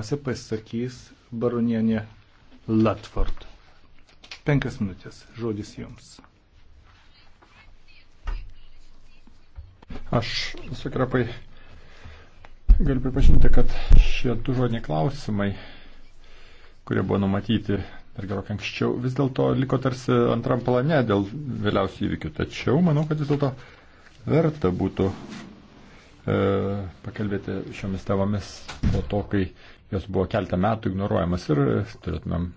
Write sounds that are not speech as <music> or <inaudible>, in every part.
Pirmiausia pasakys baronienė Latford. Penkias minutės, žodis jums. Aš sukrapai galiu pripažinti, kad šie du žodiniai klausimai, kurie buvo numatyti dar gerokai anksčiau, vis dėlto liko tarsi antram plane dėl vėliausių įvykių. Tačiau manau, kad vis dėlto verta būtų E, pakalbėti šiomis temomis po to, kai jos buvo keltą metų ignoruojamas ir turėtumėm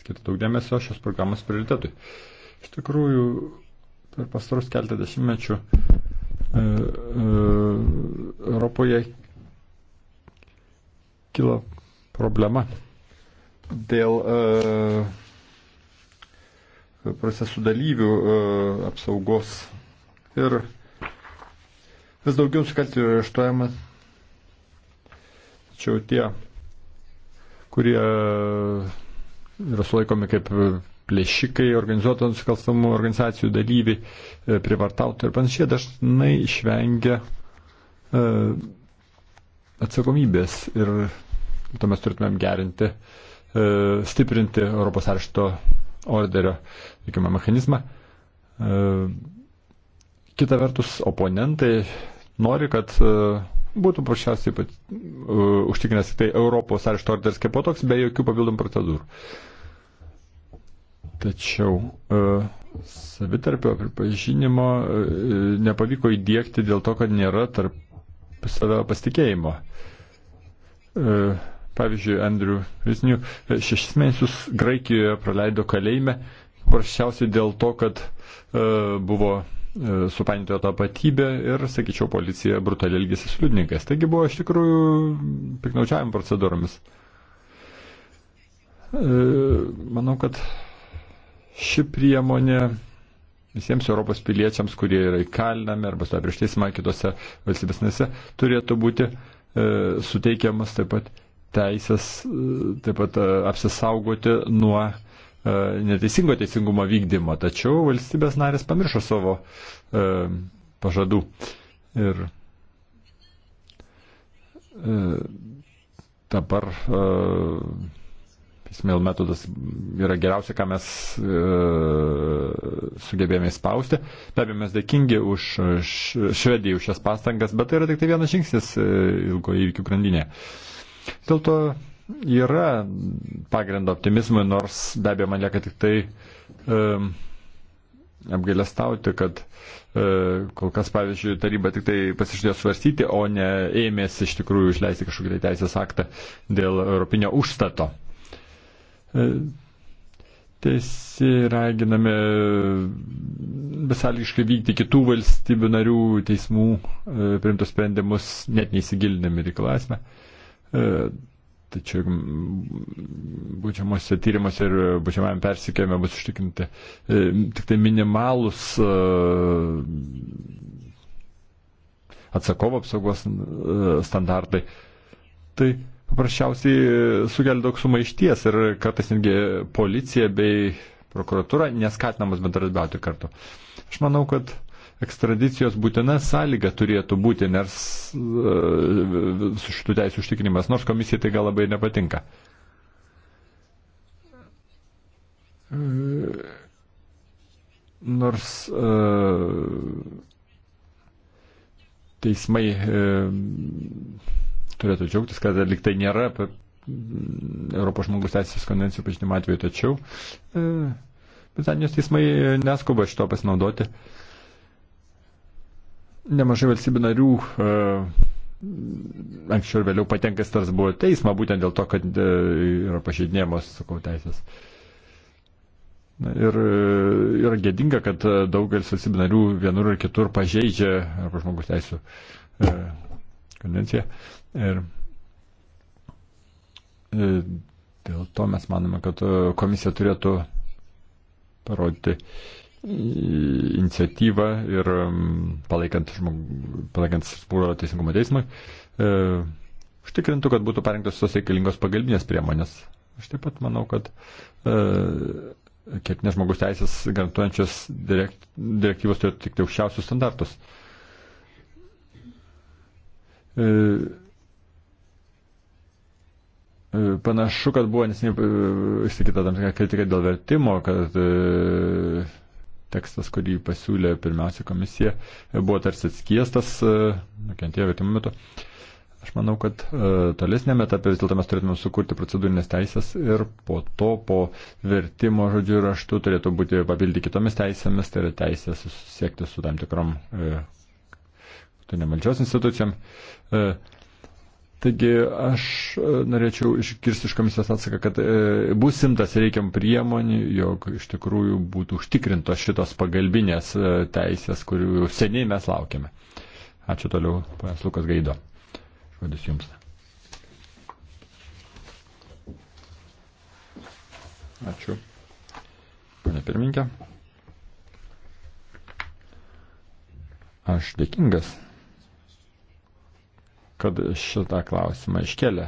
skirti daug dėmesio šios programos prioritetui. Iš tikrųjų, per pastarus keltą dešimtmečių e, e, Europoje kilo problema dėl e, procesų dalyvių e, apsaugos ir Vis daugiau nusikaltėlių yra ištojamas. Tačiau tie, kurie yra sulaikomi kaip plėšikai, organizuoto nusikalstamų organizacijų dalyviai, e, privartautojai ir panašiai, dažnai išvengia e, atsakomybės ir to mes turėtumėm gerinti, e, stiprinti Europos arešto orderio veikimo mechanizmą. Kita vertus, oponentai nori, kad e, būtų paprasčiausiai pat, uh, užtikrinęs tai Europos arešto orderis kaip toks, be jokių papildomų procedūrų. Tačiau uh, savitarpio pripažinimo uh, nepavyko įdėkti dėl to, kad nėra tarp savio pasitikėjimo. Uh, pavyzdžiui, Andrew Visnių šešis mėnesius Graikijoje praleido kalėjime, paprasčiausiai dėl to, kad uh, buvo E, supainiojo tapatybę ir, sakyčiau, policija brutaliai elgėsi su liudininkais. Taigi buvo iš tikrųjų piknaučiavimo procedūromis. E, manau, kad ši priemonė visiems Europos piliečiams, kurie yra įkalinami arba stovi prieš teismą kitose valstybės nese, turėtų būti e, suteikiamas taip pat teisės, e, taip pat e, apsisaugoti nuo e, E, neteisingo teisingumo vykdymo, tačiau valstybės narės pamiršo savo e, pažadų. Ir e, dabar Ismail metodas yra geriausia, ką mes e, sugebėjome įspausti. Be abejo, mes dėkingi už Švediją, už šias pastangas, bet tai yra tik tai vienas žingsnis ilgo įvykių grandinėje. Dėl to yra pagrindo optimizmui, nors be abejo man lieka tik tai um, apgailestauti, kad uh, kol kas, pavyzdžiui, taryba tik tai pasižadėjo svarstyti, o ne ėmėsi iš tikrųjų išleisti kažkokį tai teisės aktą dėl europinio užstato. Uh, Teisi raginami e, besališkai vykti kitų valstybių narių teismų uh, primtus sprendimus, net neįsigilindami reikalasime. Uh, Tačiau būčiamosiose tyrimuose ir būčiamajame persikėjime bus ištikinti e, tik tai minimalus e, atsakovo apsaugos e, standartai. Tai paprasčiausiai sukelia daug sumaišties ir kartais netgi policija bei prokuratūra neskatinamas bendradarbiauti kartu. Aš manau, kad ekstradicijos būtina sąlyga turėtų būti, nes e, su šitų teisų užtikrinimas, nors komisija tai gal labai nepatinka. Nors e, teismai e, turėtų džiaugtis, kad liktai nėra Europos žmogus teisės konvencijų pažinimo atveju, tačiau Britanijos teismai neskuba šito pasinaudoti. E, nemažai valstybių narių e, anksčiau ir vėliau patenka Strasbūro teismą, būtent dėl to, kad e, yra pažeidinėjamos, sakau, teisės. Na, ir e, yra gėdinga, kad daugelis valstybių narių vienur ir kitur pažeidžia arba žmogus teisų e, konvenciją. Ir e, dėl to mes manome, kad komisija turėtų parodyti iniciatyvą ir palaikant, žmog, palaikant Spūro teisingumo teismą, e, užtikrintų, kad būtų parengtos visos reikalingos pagalbinės priemonės. Aš taip pat manau, kad e, kiek nežmogus teisės garantuojančios direkt, direktyvos turėtų tik tai aukščiausius standartus. E, e, Panašu, kad buvo nesiniai e, išsakyta tam tikra kritika dėl vertimo, kad e, tekstas, kurį pasiūlė pirmiausia komisija, e, buvo tarsi atskiestas, e, nukentėjo vertimo metu. Aš manau, kad e, tolesnėme etape vis dėlto mes turėtume sukurti procedūrinės teisės ir po to, po vertimo žodžių raštu turėtų būti papildi kitomis teisėmis, tai yra teisė susisiekti su tam tikrom e, nemalčios institucijom. E, Taigi aš e, norėčiau išgirsti iš komisijos atsaką, kad e, bus simtas reikiam priemonių, jog iš tikrųjų būtų užtikrintos šitos pagalbinės e, teisės, kurių seniai mes laukiame. Ačiū toliau, ponas Lukas Gaido. Žodis jums. Ačiū. Pane pirmininkė. Aš dėkingas kad šitą klausimą iškelia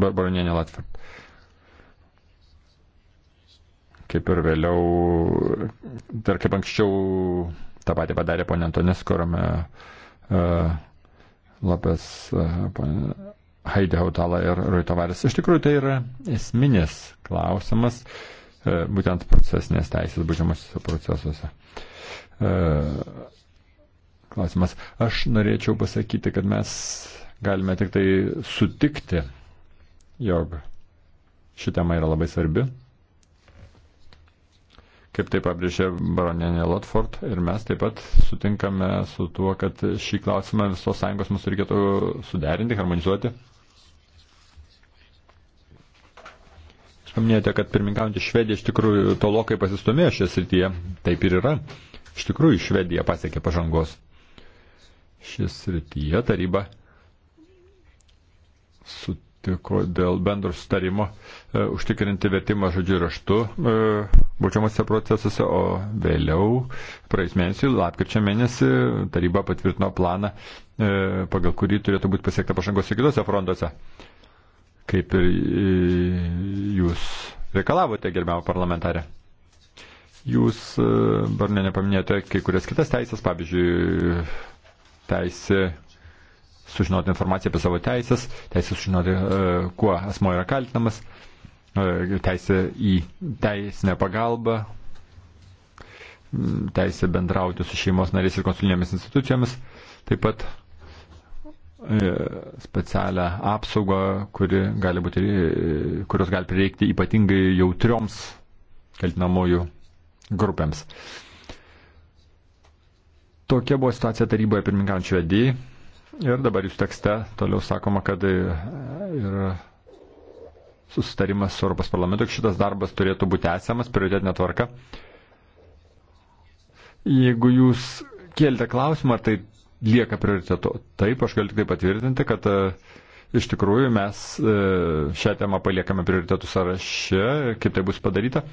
baronienė Latvart. Kaip ir vėliau, dar kaip anksčiau tą patį padarė ponė Antonės Korome uh, e, Lopes, uh, e, Haidė Hautala ir Ruitovaris. Iš tikrųjų tai yra esminis klausimas, uh, būtent procesinės teisės būdžiamosiuose procesuose. Uh, klausimas. Aš norėčiau pasakyti, kad mes galime tik tai sutikti, jog ši tema yra labai svarbi. Kaip tai pabrėžė baronienė Lotford ir mes taip pat sutinkame su tuo, kad šį klausimą visos sąjungos mums reikėtų suderinti, harmonizuoti. Jūs paminėjote, kad pirmininkaujantį Švediją iš tikrųjų tolokai pasistumėjo šią srityje. Taip ir yra. Iš tikrųjų Švedija pasiekė pažangos šis rytyje taryba sutiko dėl bendro sutarimo e, užtikrinti vertimą žodžiu raštu e, būčiamose procesuose, o vėliau praeis mėnesį, lapkričio mėnesį, taryba patvirtino planą, e, pagal kurį turėtų būti pasiekta pažangos ir kitose frontuose. Kaip ir e, jūs reikalavote, gerbiamą parlamentarę. Jūs, e, Barnė, nepaminėjote kai kurias kitas teisės, pavyzdžiui, teisė sužinoti informaciją apie savo teisės, teisė sužinoti, e, kuo asmo yra kaltinamas, e, teisė į teisinę pagalbą, teisė bendrauti su šeimos nariais ir konsulinėmis institucijomis, taip pat e, specialią apsaugą, kuri gali būti, kurios gali prireikti ypatingai jautrioms kaltinamųjų grupėms. Tokia buvo situacija taryboje pirmininkant švedijai. Ir dabar jūs tekste toliau sakoma, kad e, ir susitarimas su Europos parlamentu, kad šitas darbas turėtų būti tęsiamas prioritetinė tvarka. Jeigu jūs kėlite klausimą, ar tai lieka prioritetu, taip, aš galiu tik tai patvirtinti, kad e, iš tikrųjų mes e, šią temą paliekame prioritetų sąraše, kaip tai bus padaryta.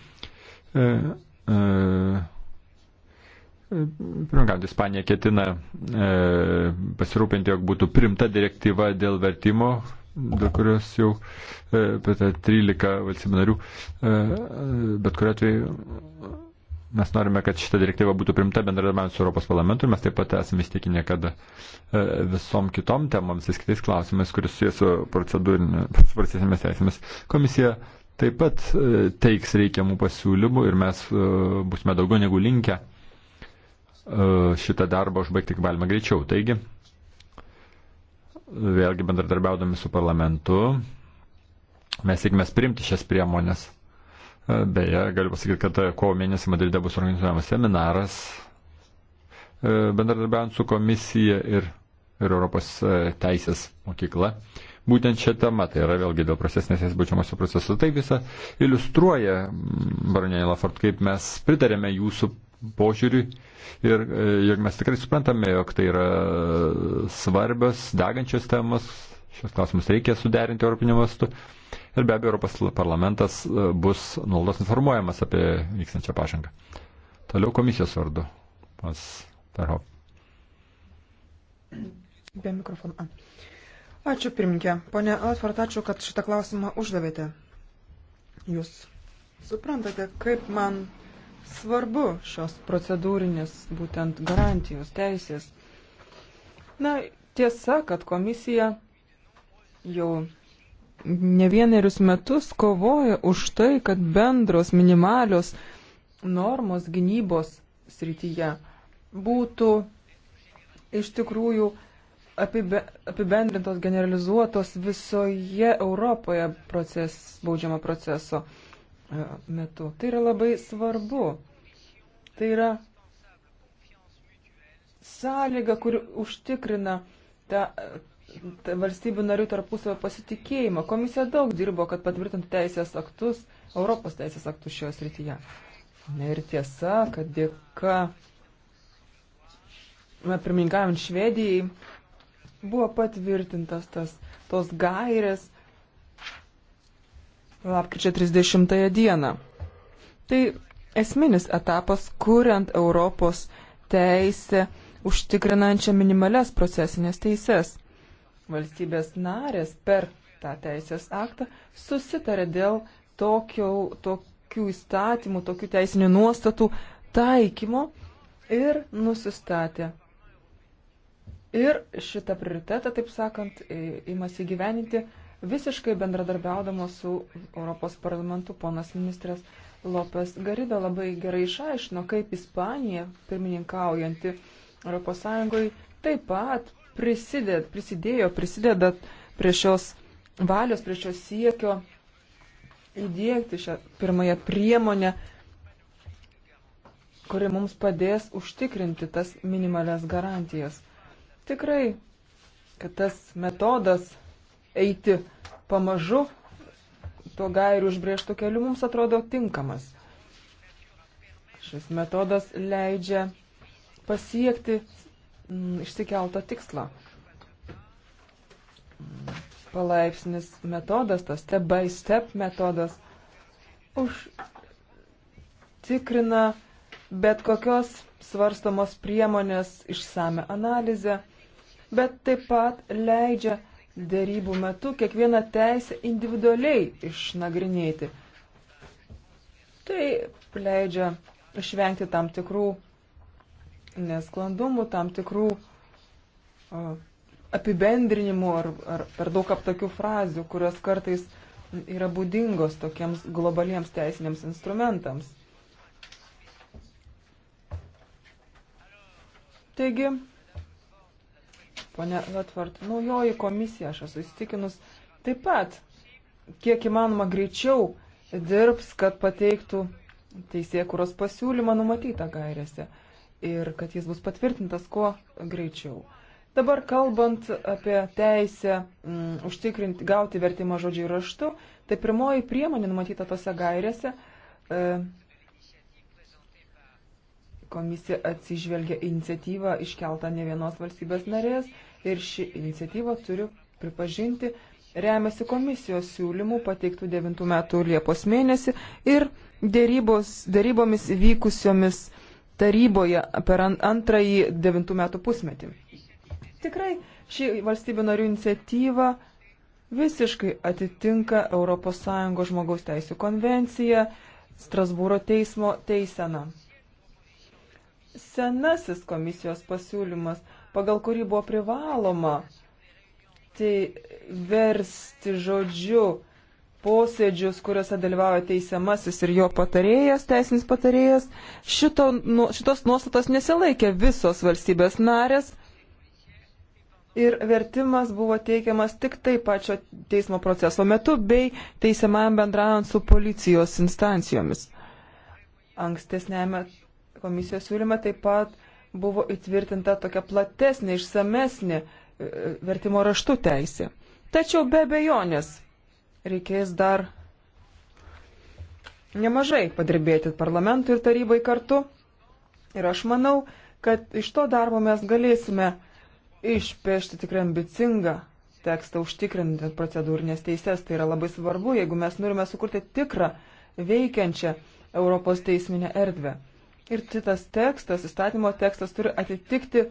Pirmkant, Ispanija ketina e, pasirūpinti, jog būtų primta direktyva dėl vertimo, dėl kurios jau e, 13 valstybių narių, e, bet kuriuo atveju mes norime, kad šita direktyva būtų primta bendradarbiavant su Europos parlamentu ir mes taip pat esame įstikinę, kad e, visom kitom temom, visais kitais klausimais, kuris susijęs su procedūrinėmis teisėmis, komisija taip pat e, teiks reikiamų pasiūlymų ir mes e, busime daugiau negu linkę E, šitą darbą užbaigti kaip galima greičiau. Taigi, vėlgi bendradarbiaudami su parlamentu, mes sėkmės primti šias priemonės. E, beje, galiu pasakyti, kad kovo mėnesį Madride bus organizuojamas seminaras e, bendradarbiaujant su komisija ir, ir Europos teisės mokykla. Būtent šią temą, tai yra vėlgi dėl procesnės įsibūčiamosio proceso, tai visą iliustruoja, baronė Lafort, kaip mes pritarėme jūsų požiūriui. Ir, ir e, mes tikrai suprantame, jog tai yra e, svarbios, degančios temos, šios klausimus reikia suderinti Europinio mastu. Ir be abejo, Europos parlamentas e, bus nuolatos informuojamas apie vykstančią pažangą. Toliau komisijos vardu. Pas Perhop. Be mikrofono. Ačiū pirmininkė. Pone Alfred, ačiū, kad šitą klausimą uždavėte. Jūs suprantate, kaip man svarbu šios procedūrinės būtent garantijos teisės. Na, tiesa, kad komisija jau ne vienerius metus kovoja už tai, kad bendros minimalios normos gynybos srityje būtų iš tikrųjų apibe, apibendrintos, generalizuotos visoje Europoje proces, baudžiamo proceso E, metu. Tai yra labai svarbu. Tai yra sąlyga, kuri užtikrina tą, tą valstybių narių tarpusavio pasitikėjimą. Komisija daug dirbo, kad patvirtintų teisės aktus, Europos teisės aktus šioje srityje. Na ir tiesa, kad dėka pirmininkavant Švedijai buvo patvirtintas tas, tos gairės, lapkričio 30 dieną. Tai esminis etapas, kuriant Europos teisę užtikrinančią minimales procesinės teises. Valstybės narės per tą teisės aktą susitarė dėl tokio, tokių įstatymų, tokių teisinių nuostatų taikymo ir nusistatė. Ir šitą prioritetą, taip sakant, įmasi gyveninti visiškai bendradarbiaudamos su Europos parlamentu. Ponas ministras Lopes Garida labai gerai išaiškino, kaip Ispanija, pirmininkaujanti ES, taip pat prisidėd, prisidėjo, prisideda prie šios valios, prie šios siekio įdėkti šią pirmąją priemonę, kuri mums padės užtikrinti tas minimalias garantijas. Tikrai, kad tas metodas eiti pamažu tuo gairių užbrėžtų keliu mums atrodo tinkamas. Šis metodas leidžia pasiekti m, mm, išsikeltą tikslą. Palaipsnis metodas, tas step by step metodas, užtikrina bet kokios svarstamos priemonės išsame analizę, bet taip pat leidžia dėrybų metu kiekvieną teisę individualiai išnagrinėti. Tai leidžia išvengti tam tikrų nesklandumų, tam tikrų apibendrinimų ar, ar per daug aptakių frazių, kurios kartais yra būdingos tokiems globaliems teisiniams instrumentams. Taigi, Pone Latvart, naujoji komisija, aš esu įstikinus, taip pat kiek įmanoma greičiau dirbs, kad pateiktų teisėkuros pasiūlymą numatytą gairėse ir kad jis bus patvirtintas kuo greičiau. Dabar kalbant apie teisę m, mm, užtikrinti, gauti vertimą žodžiai raštu, tai pirmoji priemonė numatyta tose gairėse. E, komisija atsižvelgia iniciatyvą iškeltą ne vienos valstybės narės ir ši iniciatyva, turiu pripažinti, remiasi komisijos siūlymų pateiktų 9 metų Liepos mėnesį ir dėrybos, dėrybomis vykusiomis taryboje per antrąjį 9 metų pusmetį. Tikrai ši valstybių narių iniciatyva visiškai atitinka ES žmogaus teisų konvenciją, Strasbūro teismo teiseną. Senasis komisijos pasiūlymas pagal kurį buvo privaloma tai versti žodžiu posėdžius, kuriuose dalyvauja teisiamasis ir jo patarėjas, teisinis patarėjas. Šito, nu, šitos nuostatos nesilaikė visos valstybės narės ir vertimas buvo teikiamas tik tai pačio teismo proceso metu bei teisiamajam bendraujant su policijos instancijomis. Ankstesnėme komisijos siūlyme taip pat buvo įtvirtinta tokia platesnė, išsamesnė e, vertimo raštų teisė. Tačiau be bejonės reikės dar nemažai padirbėti parlamentui ir tarybai kartu. Ir aš manau, kad iš to darbo mes galėsime išpešti tikrai ambicingą tekstą užtikrinti procedūrinės teises. Tai yra labai svarbu, jeigu mes norime sukurti tikrą veikiančią Europos teisminę erdvę. Ir šitas tekstas, įstatymo tekstas turi atitikti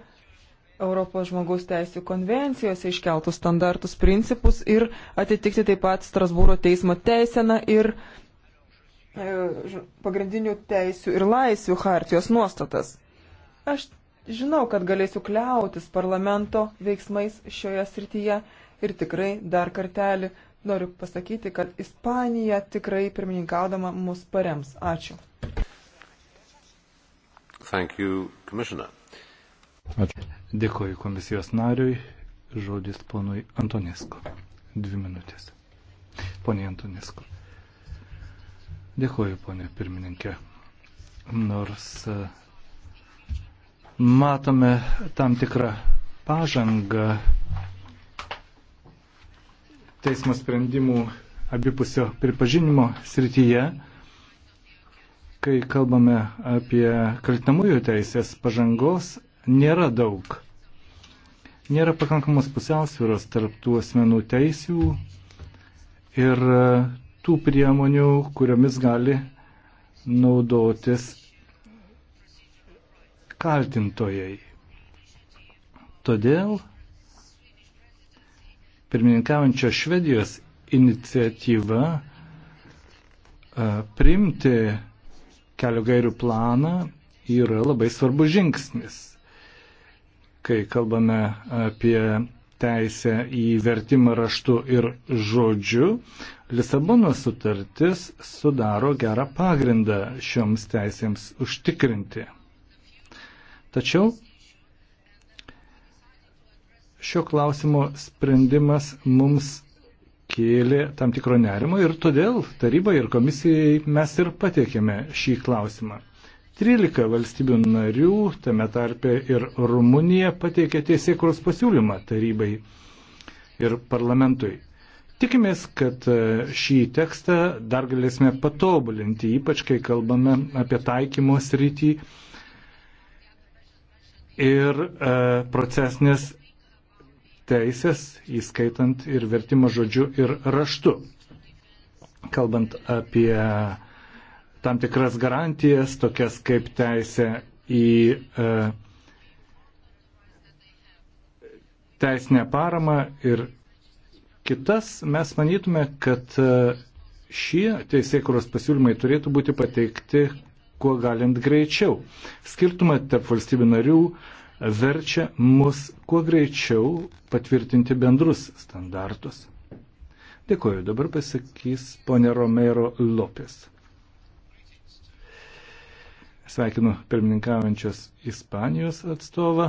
Europos žmogaus teisų konvencijose iškeltus standartus, principus ir atitikti taip pat Strasbūro teismo teiseną ir e, pagrindinių teisių ir laisvių hartijos nuostatas. Aš žinau, kad galėsiu kliautis parlamento veiksmais šioje srityje ir tikrai dar kartelį noriu pasakyti, kad Ispanija tikrai pirmininkaudama mus parems. Ačiū. Thank you, Commissioner. Dėkoju komisijos nariui. Žodis ponui Antonesku. Dvi minutės. Pone Antonesku. Dėkoju, ponė pirmininkė. Nors e, matome tam tikrą pažangą teismo sprendimų abipusio pripažinimo srityje, kai kalbame apie kaltinamųjų teisės pažangos, nėra daug. Nėra pakankamos pusiausvyros tarp tų asmenų teisių ir e, tų priemonių, kuriomis gali naudotis kaltintojai. Todėl pirmininkaujančio Švedijos iniciatyva e, priimti kelio gairių planą yra labai svarbus žingsnis. Kai kalbame apie teisę į vertimą raštu ir žodžiu, Lisabonos sutartis sudaro gerą pagrindą šioms teisėms užtikrinti. Tačiau šio klausimo sprendimas mums kėlė tam tikro nerimo ir todėl tarybai ir komisijai mes ir patiekėme šį klausimą. 13 valstybių narių, tame tarpe ir Rumunija, pateikė teisėkros pasiūlymą tarybai ir parlamentui. Tikimės, kad e, šį tekstą dar galėsime patobulinti, ypač kai kalbame apie taikymo sritį ir e, procesinės teisės, įskaitant ir vertimą žodžiu ir raštu. Kalbant apie tam tikras garantijas, tokias kaip teisė į e, teisinę paramą ir kitas, mes manytume, kad e, šie teisėkuros pasiūlymai turėtų būti pateikti kuo galint greičiau. Skirtumai tarp valstybių narių verčia mus kuo greičiau patvirtinti bendrus standartus. Dėkuoju, dabar pasakys ponė Romero Lopės. Sveikinu pirmininkaujančios Ispanijos atstovą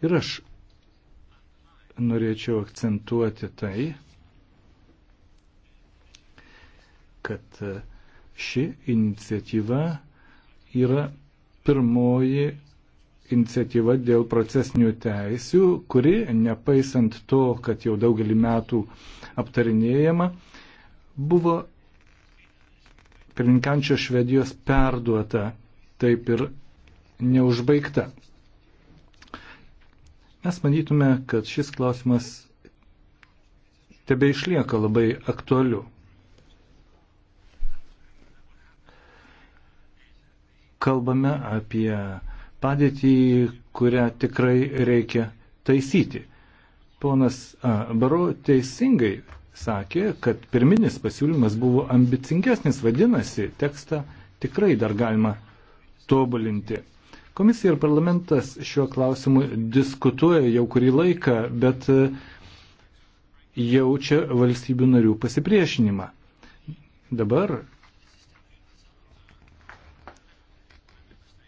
ir aš norėčiau akcentuoti tai, kad e, ši iniciatyva yra pirmoji iniciatyva dėl procesinių teisių, kuri, nepaisant to, kad jau daugelį metų aptarinėjama, buvo pirminkančio Švedijos perduota, taip ir neužbaigta. Mes manytume, kad šis klausimas tebe išlieka labai aktualiu. Kalbame apie padėtį, kurią tikrai reikia taisyti. Ponas Baro teisingai sakė, kad pirminis pasiūlymas buvo ambicingesnis, vadinasi, tekstą tikrai dar galima tobulinti. Komisija ir parlamentas šiuo klausimu diskutuoja jau kurį laiką, bet e, jaučia valstybių narių pasipriešinimą. Dabar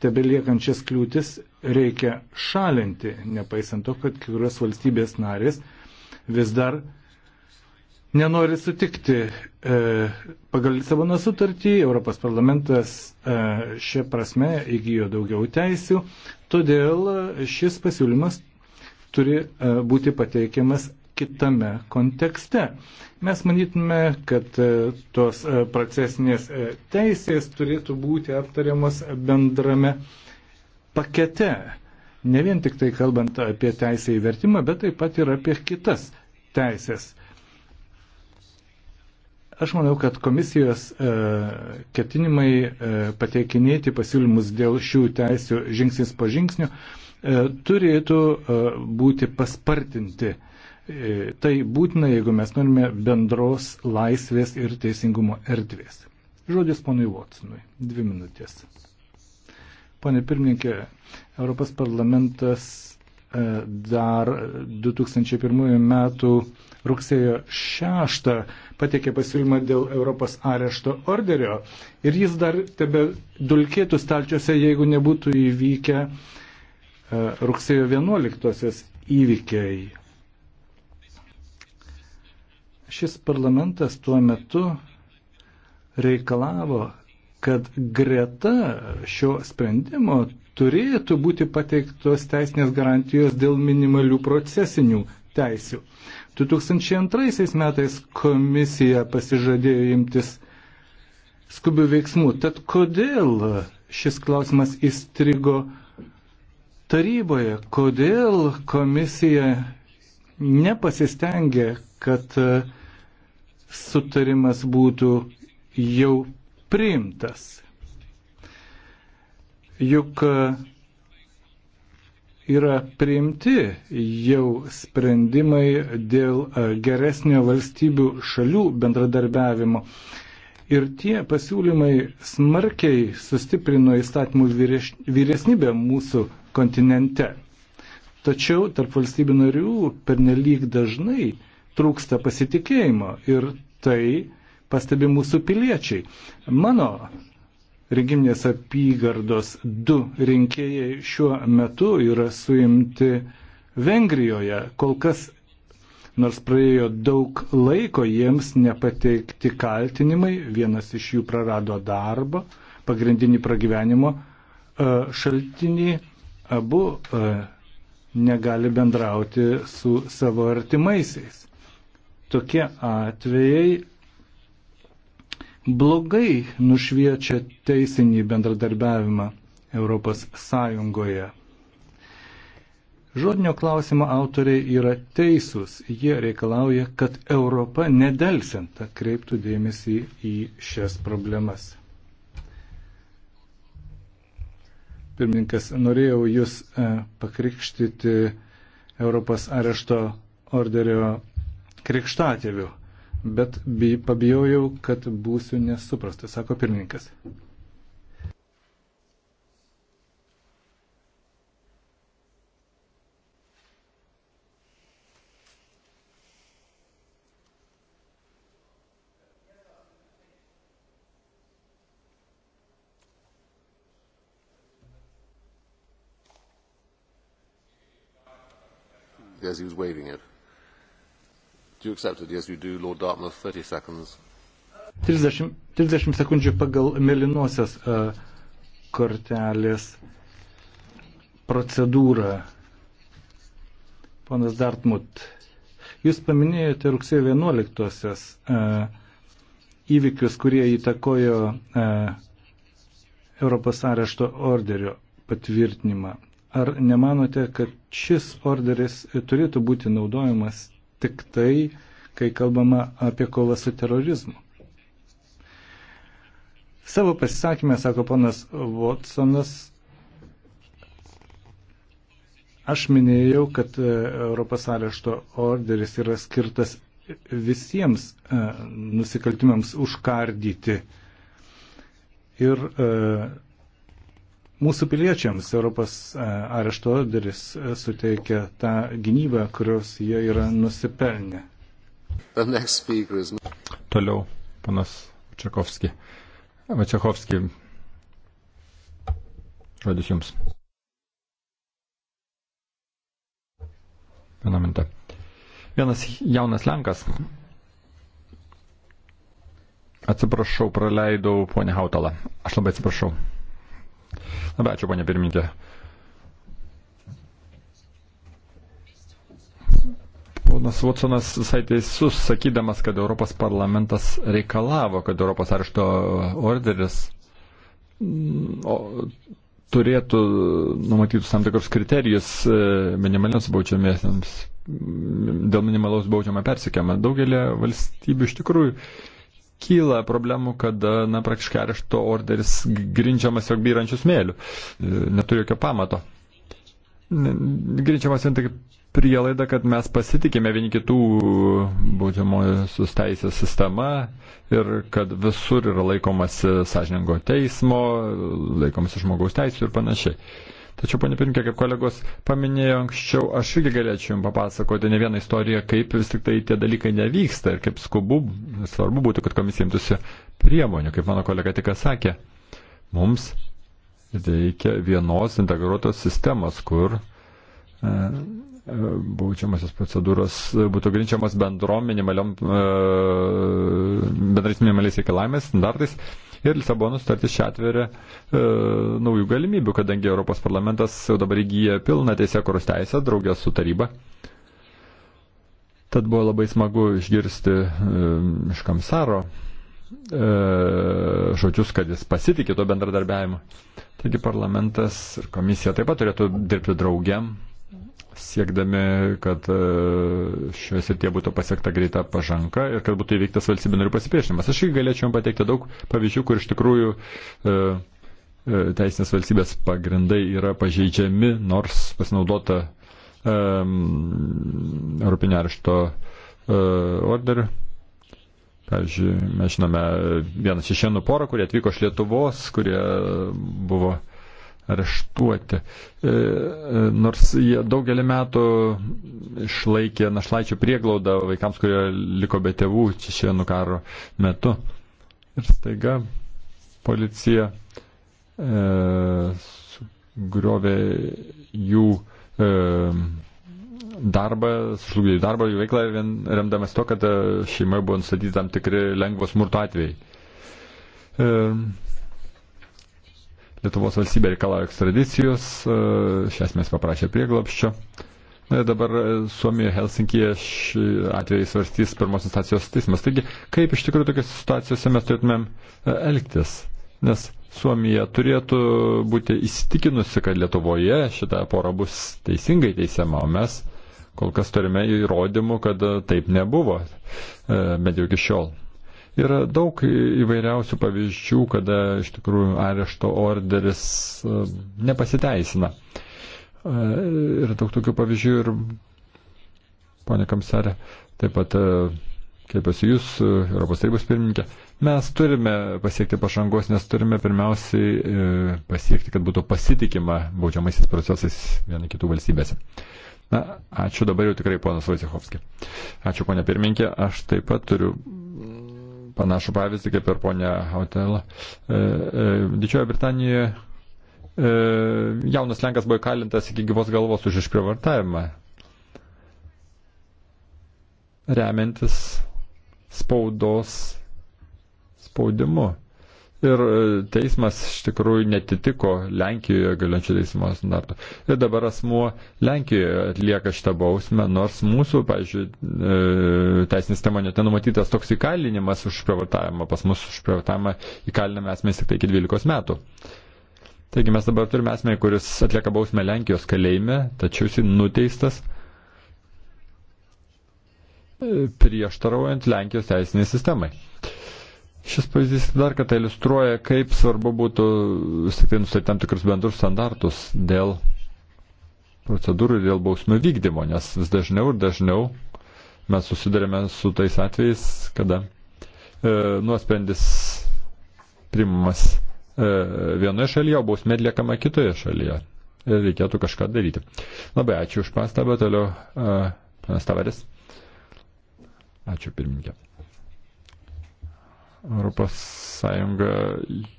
tebeliekančias kliūtis reikia šalinti, nepaisant to, kad kai kurios valstybės narės vis dar nenori sutikti. E, pagal Lisabono sutartį Europos parlamentas e, šią prasme įgyjo daugiau teisių, todėl šis pasiūlymas turi e, būti pateikiamas kitame kontekste. Mes manytume, kad e, tos e, procesinės e, teisės turėtų būti aptariamos bendrame pakete. Ne vien tik tai kalbant apie teisę į vertimą, bet taip pat ir apie kitas teisės. Aš manau, kad komisijos e, ketinimai e, pateikinėti pasiūlymus dėl šių teisių žingsnis po žingsnio e, turėtų e, būti paspartinti. E, E, tai būtina, jeigu mes norime bendros laisvės ir teisingumo erdvės. Žodis ponui Watsonui. Dvi minutės. Pane pirmininkė, Europos parlamentas e, dar 2001 metų rugsėjo 6 pateikė pasiūlymą dėl Europos arešto orderio ir jis dar tebe dulkėtų stalčiuose, jeigu nebūtų įvykę e, rugsėjo 11 įvykiai. Šis parlamentas tuo metu reikalavo, kad greta šio sprendimo turėtų būti pateiktos teisinės garantijos dėl minimalių procesinių teisių. 2002 metais komisija pasižadėjo imtis skubių veiksmų. Tad kodėl šis klausimas įstrigo taryboje? Kodėl komisija nepasistengė, kad uh, sutarimas būtų jau priimtas. Juk e, yra priimti jau sprendimai dėl e, geresnio valstybių šalių bendradarbiavimo. Ir tie pasiūlymai smarkiai sustiprino įstatymų vyresnybę mūsų kontinente. Tačiau tarp valstybių narių pernelyg dažnai trūksta pasitikėjimo ir tai pastebi mūsų piliečiai. Mano rinkiminės apygardos du rinkėjai šiuo metu yra suimti Vengrijoje. Kol kas, nors praėjo daug laiko, jiems nepateikti kaltinimai, vienas iš jų prarado darbą, pagrindinį pragyvenimo e, šaltinį, abu e, negali bendrauti su savo artimaisiais. Tokie atvejai blogai nušviečia teisinį bendradarbiavimą Europos Sąjungoje. Žodinio klausimo autoriai yra teisūs. Jie reikalauja, kad Europa nedelsiant kreiptų dėmesį į šias problemas. Pirmininkas, norėjau Jūs e, pakrikštyti Europos arešto orderio krikštatėvių, bet pabijojau, kad būsiu nesuprastas, sako pirmininkas. as he was waving it. Do you accept it? Yes, you do, Lord Dartmouth. 30 seconds. 30, 30 sekundžių pagal mėlynosios uh, kortelės procedūrą. Ponas Dartmut, jūs paminėjote rugsėjo 11-osios uh, e, įvykius, kurie įtakojo uh, Europos arešto orderio patvirtinimą. Ar nemanote, kad šis orderis turėtų būti naudojamas tik tai, kai kalbama apie kovą su terorizmu. Savo pasisakymę, sako ponas Watsonas, aš minėjau, kad e, Europos arešto orderis yra skirtas visiems e, nusikaltimams užkardyti. Ir e, mūsų piliečiams Europos e, arešto orderis e, suteikia tą gynybą, kurios jie yra nusipelnę. Is... Toliau, panas Čiakovski. Vačiakovski, žodis jums. Vieną minutę. Vienas jaunas Lenkas. Atsiprašau, praleidau ponę Hautalą. Aš labai atsiprašau. Labai ačiū, ponė pirmininkė. Ponas Watsonas visai teisus, sakydamas, kad Europos parlamentas reikalavo, kad Europos arešto orderis mm, o, turėtų numatytus tam tikrus kriterijus e, minimaliams baudžiamiesiams dėl minimalaus baudžiamą persikiamą. Daugelį valstybių iš tikrųjų kyla problemų, kada, na, praktiškai arešto orderis grindžiamas jau byrančių smėlių. E, neturi jokio pamato. Grindžiamas vien tik prielaida, kad mes pasitikime vieni kitų baudžiamojosios teisės sistema ir kad visur yra laikomasi sąžiningo teismo, laikomasi žmogaus teisų ir panašiai. Tačiau, ponė Pirinkė, kaip kolegos paminėjo anksčiau, aš irgi galėčiau jums papasakoti ne vieną istoriją, kaip vis tik tai tie dalykai nevyksta ir kaip skubu, svarbu būtų, kad komisija imtųsi priemonių, kaip mano kolega tik sakė. Mums reikia vienos integruotos sistemos, kur e, e, baudžiamasios procedūros būtų grinčiamas bendrom minimaliom, e, bendrais minimaliais reikalavimais, standartais. Ir Lisabono sutartis čia atveria e, naujų galimybių, kadangi Europos parlamentas jau dabar įgyja pilną teisėkuros teisę draugės su taryba. Tad buvo labai smagu išgirsti e, iš kamsaro e, žodžius, kad jis pasitikė to bendradarbiavimo. Taigi parlamentas ir komisija taip pat turėtų dirbti draugiam siekdami, kad e, šioje srityje būtų pasiekta greita pažanga ir kad būtų įveiktas valstybė narių pasipriešinimas. Aš irgi galėčiau jums pateikti daug pavyzdžių, kur iš tikrųjų e, e, teisinės valstybės pagrindai yra pažeidžiami, nors pasinaudota um, Europinio arešto uh, orderiu. Pavyzdžiui, mes žinome vieną šešėnų porą, kurie atvyko iš Lietuvos, kurie buvo uh, areštuoti. E, e, nors jie daugelį metų išlaikė našlaičių prieglaudą vaikams, kurie liko be tėvų češienų karo metu. Ir staiga policija e, griovė jų e, darbą, sužlugdė jų darbą, jų veiklą, vien remdamas to, kad e, šeimoje buvo nustatyti tam tikri lengvos smurto atvejai. E, Lietuvos valstybė reikalauja ekstradicijos, e, iš esmės paprašė prieglapščio. Dabar e, Suomijoje Helsinkije atvejai svarstys pirmos instancijos teismas. Taigi, kaip iš tikrųjų tokiuose situacijose mes turėtumėm e, elgtis? Nes Suomija turėtų būti įsitikinusi, kad Lietuvoje šita pora bus teisingai teisiama, o mes kol kas turime įrodymų, kad taip nebuvo, bent jau iki šiol. Yra daug įvairiausių pavyzdžių, kada iš tikrųjų arešto orderis e, nepasiteisina. E, yra daug tokių pavyzdžių ir, ponė Kamsarė, taip pat e, kreipiuosi jūs, Europos tarybos pirmininkė, mes turime pasiekti pažangos, nes turime pirmiausiai pasiekti, kad būtų pasitikima baudžiamaisiais procesais vieni kitų valstybėse. Na, ačiū dabar jau tikrai, ponas Vojcechovski. Ačiū, ponė pirmininkė, aš taip pat turiu panašų pavyzdį kaip ir ponia Hautelą. E, e, Didžiojo Britanijoje e, jaunas Lenkas buvo įkalintas iki gyvos galvos už išprivartavimą. Remiantis spaudos spaudimu. Ir e, teismas iš tikrųjų netitiko Lenkijoje galiojančio teismo standartų. Ir dabar asmuo Lenkijoje atlieka šitą bausmę, nors mūsų, pažiūrėjau, e, teisinė sistema net nenumatytas toks įkalinimas už prievartavimą. Pas mus už prievartavimą įkaliname asmenys tik tai iki 12 metų. Taigi mes dabar turime asmenį, kuris atlieka bausmę Lenkijos kalėjime, tačiau jis nuteistas e, prieštaraujant Lenkijos teisiniai sistemai. Uh, Šis pavyzdys dar kartą iliustruoja, kaip svarbu būtų vis tik tai nustatyti tam tikrus bendrus standartus dėl procedūrų ir dėl bausmių vykdymo, nes vis dažniau ir dažniau mes susidarėme su tais atvejais, kada e, nuosprendis primamas e, vienoje šalyje, o bausmė atliekama kitoje šalyje. Ir reikėtų kažką daryti. Labai ačiū už pastabą, toliau e, panas Tavaris. Ačiū pirmininkė. Europos Sąjunga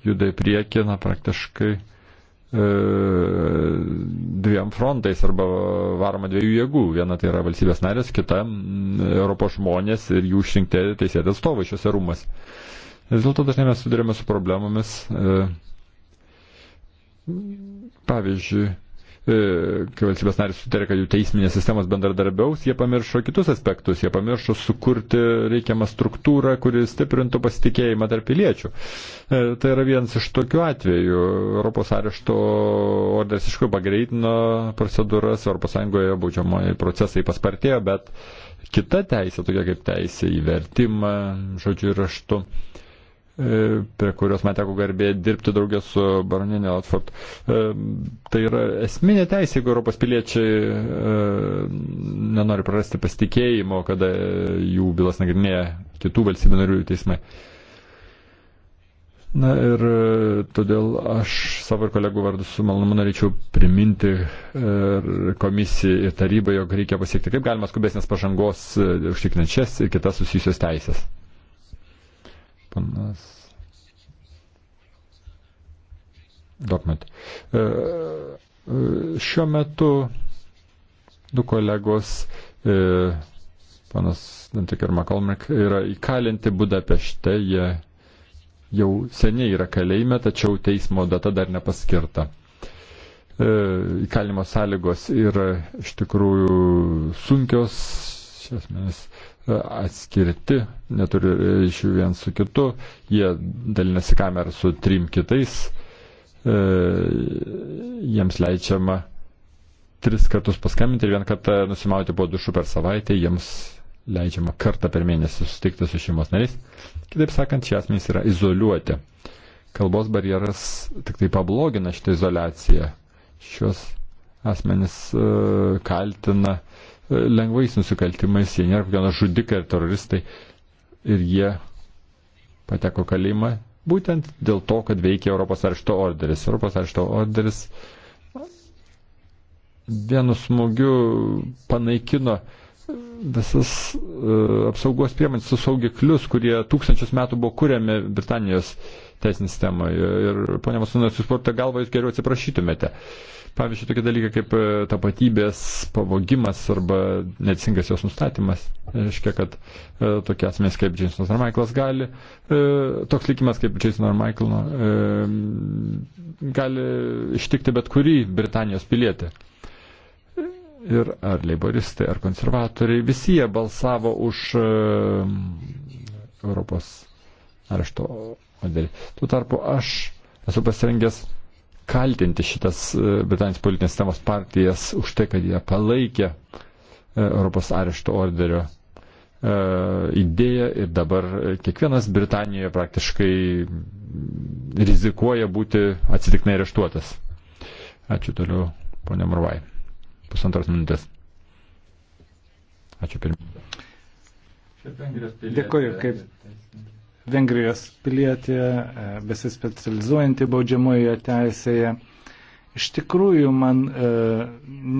juda į priekį, na, praktiškai e, dviem frontais arba varoma dviejų jėgų. Viena tai yra valstybės narės, kita Europos žmonės ir jų išrinkti teisėtės stovai šiuose rūmose. Vis dėlto dažnai mes sudarėme su problemomis. E, pavyzdžiui, E, kai valstybės narys sutarė, kad jų teisminės sistemos bendradarbiaus, jie pamiršo kitus aspektus, jie pamiršo sukurti reikiamą struktūrą, kuri stiprintų pasitikėjimą tarp piliečių. E, tai yra vienas iš tokių atvejų. Europos arešto orderis iš kur pagreitino procedūras, Europos Sąjungoje baudžiamoji procesai paspartėjo, bet kita teisė, tokia kaip teisė į vertimą, žodžiu, raštu. E, prie kurios man teko garbė dirbti draugė su baroninė Otford. E, tai yra esminė teisė, jeigu Europos piliečiai e, nenori prarasti pasitikėjimo, kada jų bylas nagrinėja kitų valstybių narių teismai. Na ir todėl aš savo ir kolegų vardu su malonumu norėčiau priminti komisijai ir tarybai, jog reikia pasiekti kaip galima skubesnės pažangos užtikrinant šias ir kitas susijusios teisės panas Dortmund. E, e, šiuo metu du kolegos, e, panas Dantik ir Makalmerk, yra įkalinti Budapešte, jie jau seniai yra kalėjime, tačiau teismo data dar nepaskirta įkalinimo sąlygos yra iš tikrųjų sunkios, šias mes atskirti, neturi ryšių vien su kitu, jie dalinasi kamerą su trim kitais, e, jiems leidžiama tris kartus paskambinti ir vieną kartą nusimauti po dušu per savaitę, jiems leidžiama kartą per mėnesį susitikti su šeimos nariais. Kitaip sakant, šie asmenys yra izoliuoti. Kalbos barjeras tik tai pablogina šitą izolaciją. Šios asmenys e, kaltina uh, lengvais nusikaltimais, jie nėra kokie nors žudikai ar teroristai. Ir jie pateko kalimą būtent dėl to, kad veikia Europos arešto orderis. Europos arešto orderis vienu smūgiu panaikino visas uh, apsaugos priemonės, su saugiklius, kurie tūkstančius metų buvo kuriami Britanijos teisinė sistema. Ir, ponia Masunas, jūs portą galvą jūs geriau atsiprašytumėte. Uh, Pavyzdžiui, tokie dalykai kaip e, tapatybės pavogimas arba neteisingas jos nustatymas. Tai reiškia, kad e, tokie asmenys kaip Jasonas ar Michaelas gali, e, toks likimas kaip Jasonas ar Michaelas e, gali ištikti bet kurį Britanijos pilietį. Ir ar leiboristai, ar konservatoriai, visi jie balsavo už e, Europos arešto modelį. Tuo tarpu aš esu pasirengęs kaltinti šitas e, Britanijos politinės temos partijas už tai, kad jie palaikė e, Europos arešto orderio e, idėją ir dabar kiekvienas Britanijoje praktiškai rizikuoja būti atsitiknai areštuotas. Ačiū toliau, ponė Marvai. Pusantros minutės. Ačiū pirmininkai. Dėkuoju, kaip Vengrijos pilietė, e, besispecializuojanti baudžiamoje teisėje. Iš tikrųjų, man e,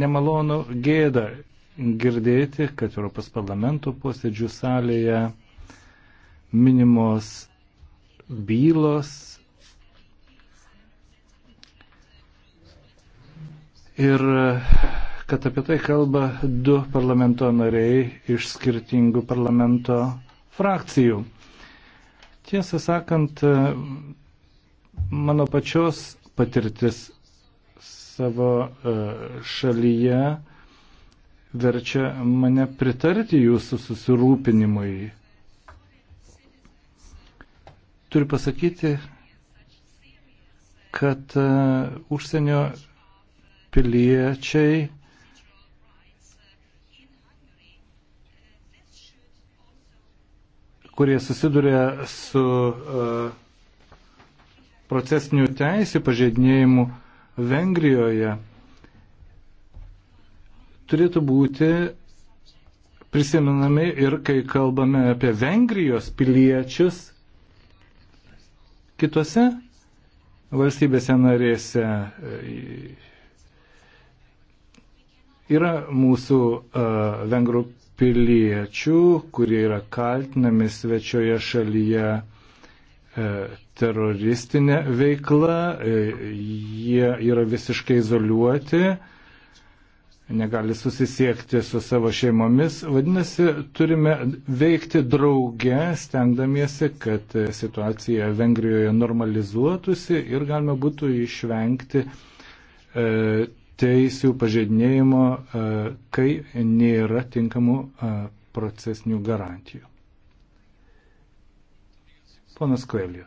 nemalonu gėda girdėti, kad Europos parlamento posėdžių salėje minimos bylos ir e, kad apie tai kalba du parlamento nariai iš skirtingų parlamento frakcijų. Tiesą sakant, e, mano pačios patirtis savo e, šalyje verčia mane pritarti jūsų susirūpinimui. Turiu pasakyti, kad e, užsienio piliečiai kurie susiduria su e, procesinių teisų pažeidinėjimu Vengrijoje, turėtų būti prisimenami ir kai kalbame apie Vengrijos piliečius kitose valstybėse narėse. E, yra mūsų uh, vengrų piliečių, kurie yra kaltinami svečioje šalyje e, teroristinė veikla, e, jie yra visiškai izoliuoti, negali susisiekti su savo šeimomis. Vadinasi, turime veikti drauge, stengdamiesi, kad situacija Vengrijoje normalizuotųsi ir galima būtų išvengti e, teisių pažeidinėjimo, e, kai nėra tinkamų e, procesinių garantijų. Ponas Koelio.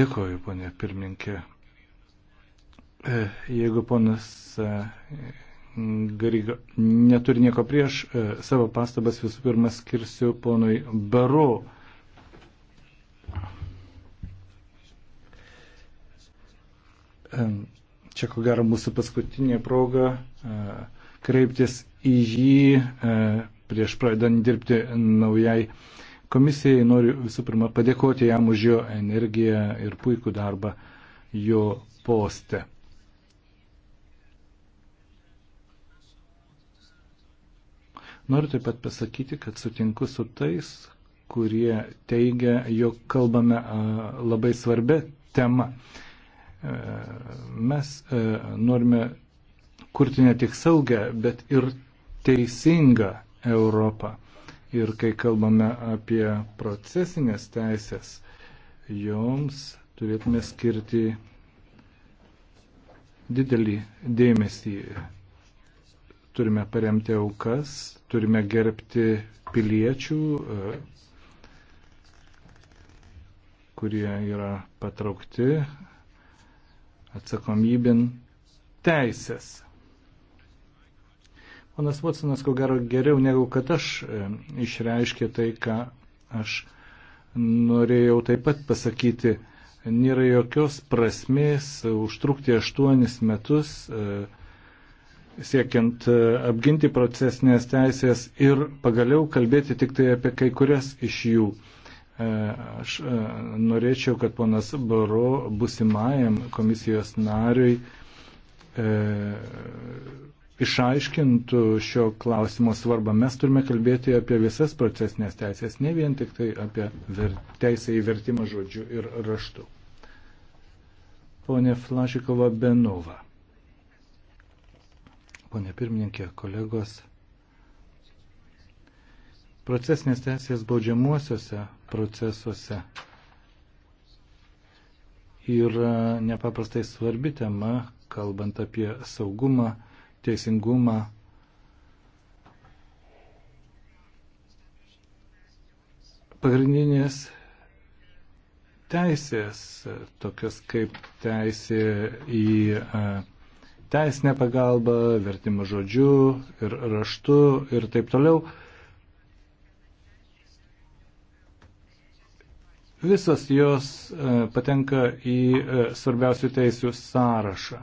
Dėkoju, ponė pirmininkė. E, jeigu ponas Garyga neturi nieko prieš, savo pastabas visų pirma skirsiu ponui Baru Čia ko gero mūsų paskutinė proga e, kreiptis į jį e, prieš pradedant dirbti naujai komisijai. Noriu visų pirma padėkoti jam už jo energiją ir puikų darbą jo poste. Noriu taip pat pasakyti, kad sutinku su tais, kurie teigia, jog kalbame e, labai svarbę temą. Mes e, norime kurti ne tik saugę, bet ir teisingą Europą. Ir kai kalbame apie procesinės teisės, joms turėtume skirti didelį dėmesį. Turime paremti aukas, turime gerbti piliečių, e, kurie yra patraukti atsakomybin teisės. Ponas Watsonas, ko gero, geriau negu kad aš e, išreiškė tai, ką aš norėjau taip pat pasakyti. Nėra jokios prasmės užtrukti aštuonis metus e, siekiant e, apginti procesinės teisės ir pagaliau kalbėti tik tai apie kai kurias iš jų. E, aš e, norėčiau, kad ponas Baro busimajam komisijos nariui e, išaiškintų šio klausimo svarbą. Mes turime kalbėti apie visas procesinės teisės, ne vien tik tai apie ver, teisę į vertimą žodžiu ir raštu. Pone Flašikova Benova. Pone pirmininkė, kolegos procesinės teisės baudžiamuosiuose procesuose yra nepaprastai svarbi tema, kalbant apie saugumą, teisingumą. Pagrindinės teisės, tokios kaip teisė į e, teisinę pagalbą, vertimą žodžiu ir raštu ir taip toliau, Visos jos e, patenka į e, svarbiausių teisių sąrašą.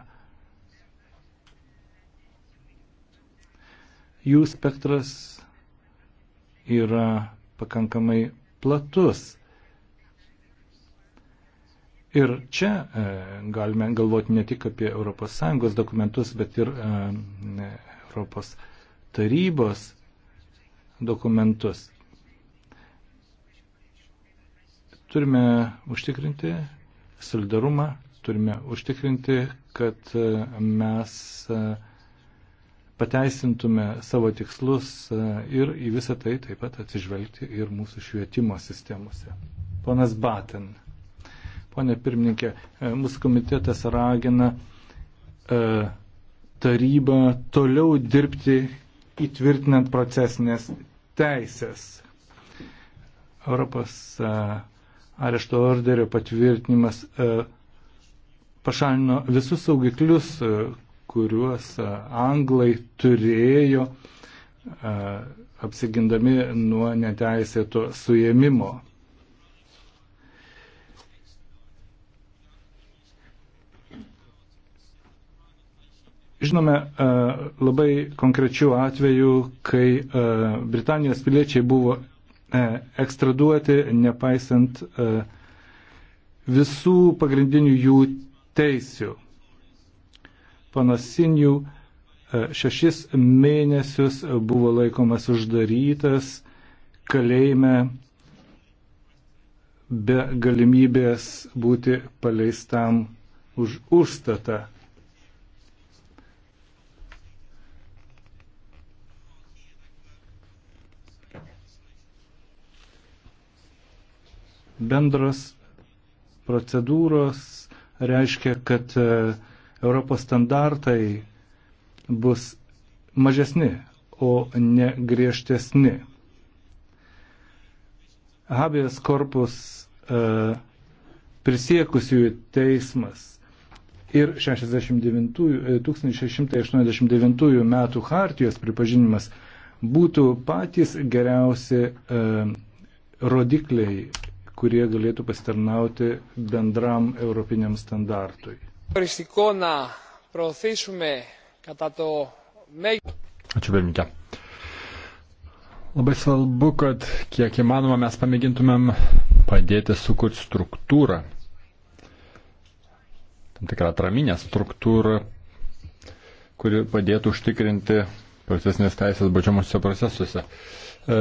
Jų spektras yra pakankamai platus. Ir čia e, galime galvoti ne tik apie ES dokumentus, bet ir e, Europos tarybos dokumentus. Turime užtikrinti solidarumą, turime užtikrinti, kad e, mes e, pateisintume savo tikslus e, ir į visą tai taip pat atsižvelgti ir mūsų švietimo sistemose. Ponas Batin. Pone pirmininkė, mūsų komitetas ragina tarybą toliau dirbti įtvirtinant procesinės teisės. Europos arešto orderio patvirtinimas e, pašalino visus saugiklius, e, kuriuos e, anglai turėjo apsigindami nuo neteisėto suėmimo. Žinome labai konkrečių atvejų, kai Britanijos piliečiai buvo E, ekstraduoti, nepaisant e, visų pagrindinių jų teisių. Panasinių e, šešis mėnesius buvo laikomas uždarytas kalėjime be galimybės būti paleistam už užstatą. Bendros procedūros reiškia, kad e, Europos standartai bus mažesni, o ne griežtesni. Habijas korpus e, prisiekusiųjų teismas ir 69, 1689 e, metų hartijos pripažinimas būtų patys geriausi e, rodikliai kurie galėtų pasitarnauti bendram europiniam standartui. Ačiū pirmininkė. Labai svarbu, kad kiek įmanoma mes pamėgintumėm padėti sukurti struktūrą, tam tikrą atraminę struktūrą, kuri padėtų užtikrinti procesinės teisės baudžiamuose procesuose. E,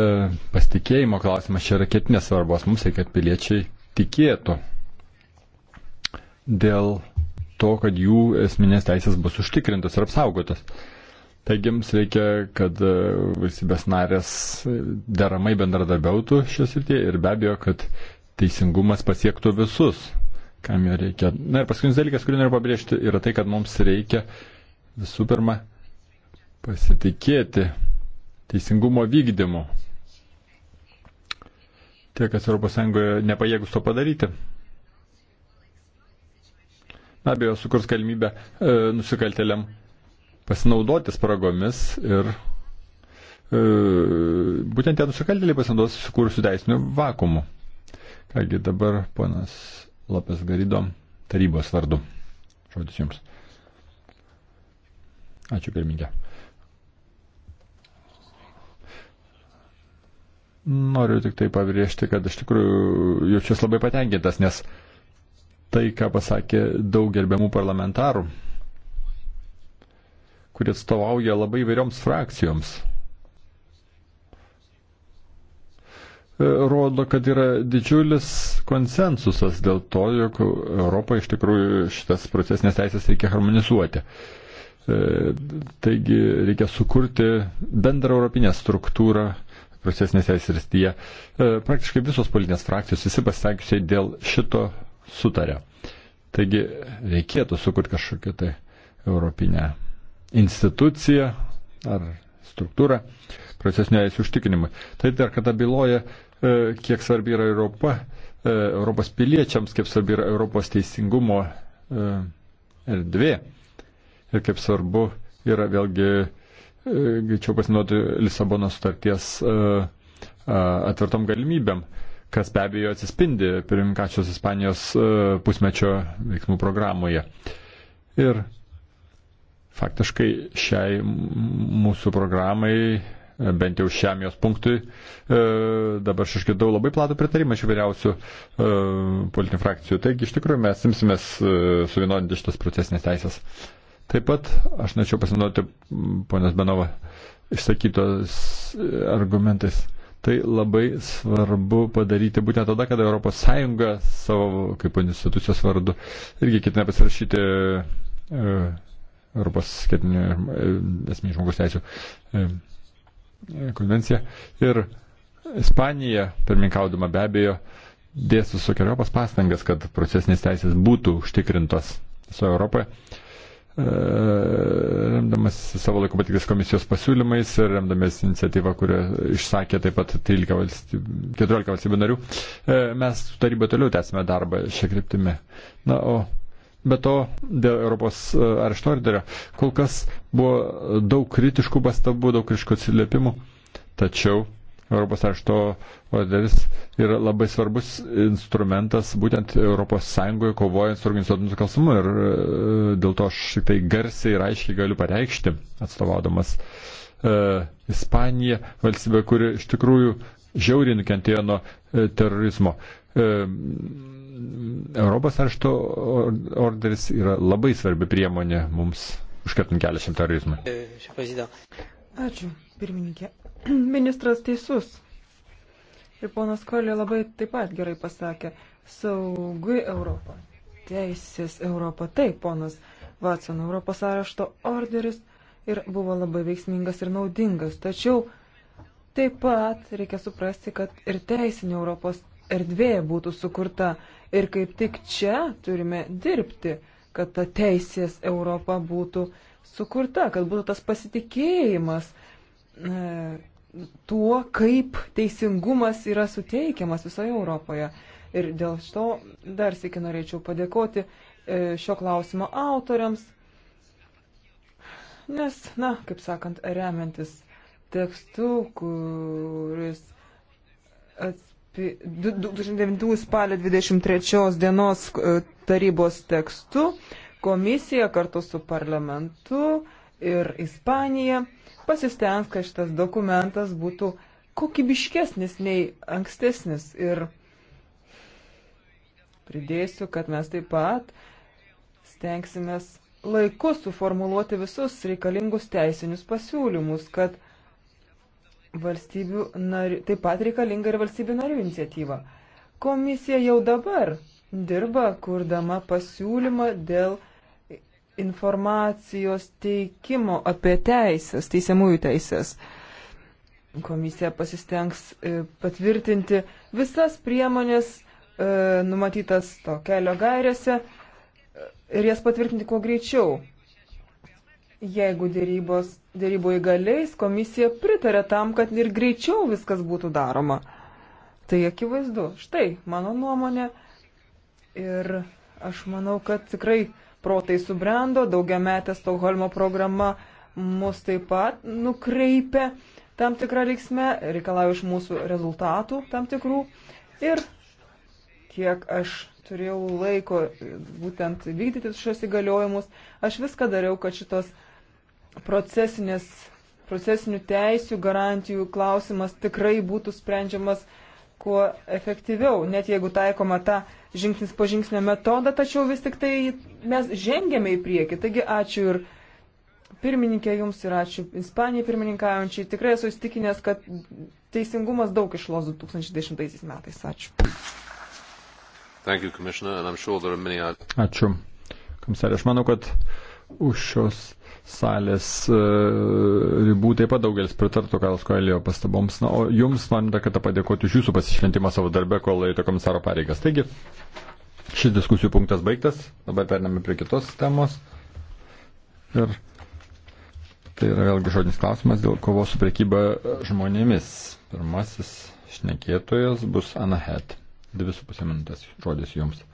pasitikėjimo klausimas čia yra ketinės svarbos. Mums reikia, kad piliečiai tikėtų dėl to, kad jų esminės teisės bus užtikrintos ir apsaugotos. Taigi jums reikia, kad e, valstybės narės deramai bendradarbiautų šios rytyje ir be abejo, kad teisingumas pasiektų visus, kam jo reikia. Na ir paskutinis dalykas, kurį noriu pabrėžti, yra tai, kad mums reikia visų pirma pasitikėti teisingumo vykdymu. Tie, kas ES nepajėgus to padaryti. Be abejo, sukurs galimybę e, nusikaltėliam pasinaudoti spragomis ir e, būtent tie nusikaltėliai pasinaudos sukūrusių teisinių vakumų. Kągi dabar ponas Lopes Garido tarybos vardu. Žodis jums. Ačiū pirmininkė. Noriu tik tai pabrėžti, kad iš tikrųjų jaučiuosi labai patenkintas, nes tai, ką pasakė daug gerbiamų parlamentarų, kurie atstovauja labai įvairioms frakcijoms, e, rodo, kad yra didžiulis konsensusas dėl to, jog Europoje iš tikrųjų šitas procesinės teisės reikia harmonizuoti. E, taigi reikia sukurti bendrą europinę struktūrą procesinės teisės rystyje, e, praktiškai visos politinės frakcijos, visi pasitenkiusiai dėl šito sutarė. Taigi reikėtų sukurti kažkokią tai europinę instituciją ar struktūrą procesinio teisų užtikrinimui. Tai dar kada byloja, e, kiek svarbi yra Europa, e, Europos piliečiams, kaip svarbi yra Europos teisingumo erdvė ir kaip svarbu yra vėlgi greičiau pasinaudoti Lisabono sutarties e, e, atvertom galimybėm, kas be abejo atsispindi pirmkačios Ispanijos e, pusmečio veiksmų programoje. Ir faktiškai šiai mūsų programai, bent jau šiam jos punktui, dabar aš išgirdau labai platų pritarimą iš įvairiausių politinių frakcijų. Taigi iš tikrųjų mes simsimės suvienodinti šitas procesinės teisės. Taip pat aš norėčiau pasinaudoti ponios Benova išsakytos e, argumentais. Tai labai svarbu padaryti būtent tada, kada ES savo kaip institucijos vardu irgi ketina pasirašyti e, Europos skirtinių e, esminių žmogus teisų konvenciją. Ir Ispanija, pirmininkaudama be abejo, dės visokiojopas pastangas, kad procesinės teisės būtų užtikrintos visoje Europoje. E, remdamas savo laiko patikės komisijos pasiūlymais ir remdamas iniciatyvą, kurią išsakė taip pat 13 valstybių, 14 valstybių narių, e, mes su taryba toliau tęsime darbą šią kryptimį. Na, o be to, dėl Europos e, arešto orderio, kol kas buvo daug kritiškų pastabų, daug kritiškų atsiliepimų, tačiau Europos arešto orderis yra labai svarbus instrumentas būtent ES kovojant su organizuotų nusikalstamu ir e, dėl to aš tik tai garsiai ir aiškiai galiu pareikšti, atstovaudamas e, Ispaniją, valstybę, kuri iš tikrųjų žiauriai nukentėjo nuo e, terorizmo. E, Europos arešto orderis yra labai svarbi priemonė mums užkertant kelią šiam terorizmui. Ačiū, pirmininkė. <clears throat> ministras teisus. Ir ponas Kolė labai taip pat gerai pasakė. Saugi Europa. Teisės Europa. Taip, ponas Vatson, Europos arešto orderis ir buvo labai veiksmingas ir naudingas. Tačiau taip pat reikia suprasti, kad ir teisinė Europos erdvė būtų sukurta. Ir kaip tik čia turime dirbti, kad ta teisės Europa būtų sukurta, kad būtų tas pasitikėjimas. E, tuo, kaip teisingumas yra suteikiamas visoje Europoje. Ir dėl to dar sėki norėčiau padėkoti e, šio klausimo autoriams, nes, na, kaip sakant, remiantis tekstu, kuris atspė, 2009 spalio 23 dienos e, tarybos tekstu, komisija kartu su parlamentu ir Ispanija pasistengs, kad šitas dokumentas būtų kokybiškesnis nei ankstesnis. Ir pridėsiu, kad mes taip pat stengsimės laiku suformuluoti visus reikalingus teisinius pasiūlymus, kad valstybių narių, taip pat reikalinga ir valstybių narių iniciatyva. Komisija jau dabar dirba, kurdama pasiūlymą dėl informacijos teikimo apie teisės, teisiamųjų teisės. Komisija pasistengs e, patvirtinti visas priemonės e, numatytas to kelio gairėse e, ir jas patvirtinti kuo greičiau. Jeigu dėrybos, dėrybo įgaliais, komisija pritarė tam, kad ir greičiau viskas būtų daroma. Tai akivaizdu. Štai mano nuomonė. Ir aš manau, kad tikrai protai subrendo, daugiametė Stokholmo programa mus taip pat nukreipia tam tikrą liksmę, reikalauja iš mūsų rezultatų tam tikrų. Ir kiek aš turėjau laiko e, būtent vykdyti šios įgaliojimus, aš viską dariau, kad šitos procesinės, procesinių teisių garantijų klausimas tikrai būtų sprendžiamas kuo efektyviau, net jeigu taikoma ta žingsnis po žingsnio metoda, tačiau vis tik tai mes žengėme į priekį. Taigi ačiū ir pirmininkė jums ir ačiū Ispanijai pirmininkaujančiai. Tikrai esu įstikinęs, kad teisingumas daug išlos 2010 metais. Ačiū. Thank you, Commissioner, and I'm sure there are many... Ačiū. Komisarė, aš manau, kad už šios salės e, ribų taip pat daugelis pritartų Karlos Koelio pastaboms. Na, o jums man dar kartą padėkoti už jūsų pasišventimą savo darbę, kol laikote komisaro pareigas. Taigi, šis diskusijų punktas baigtas, dabar pername prie kitos temos. Ir tai yra vėlgi žodinis klausimas dėl kovos su priekyba žmonėmis. Pirmasis šnekėtojas bus Anahet. Dvi su pusė minutės žodis jums.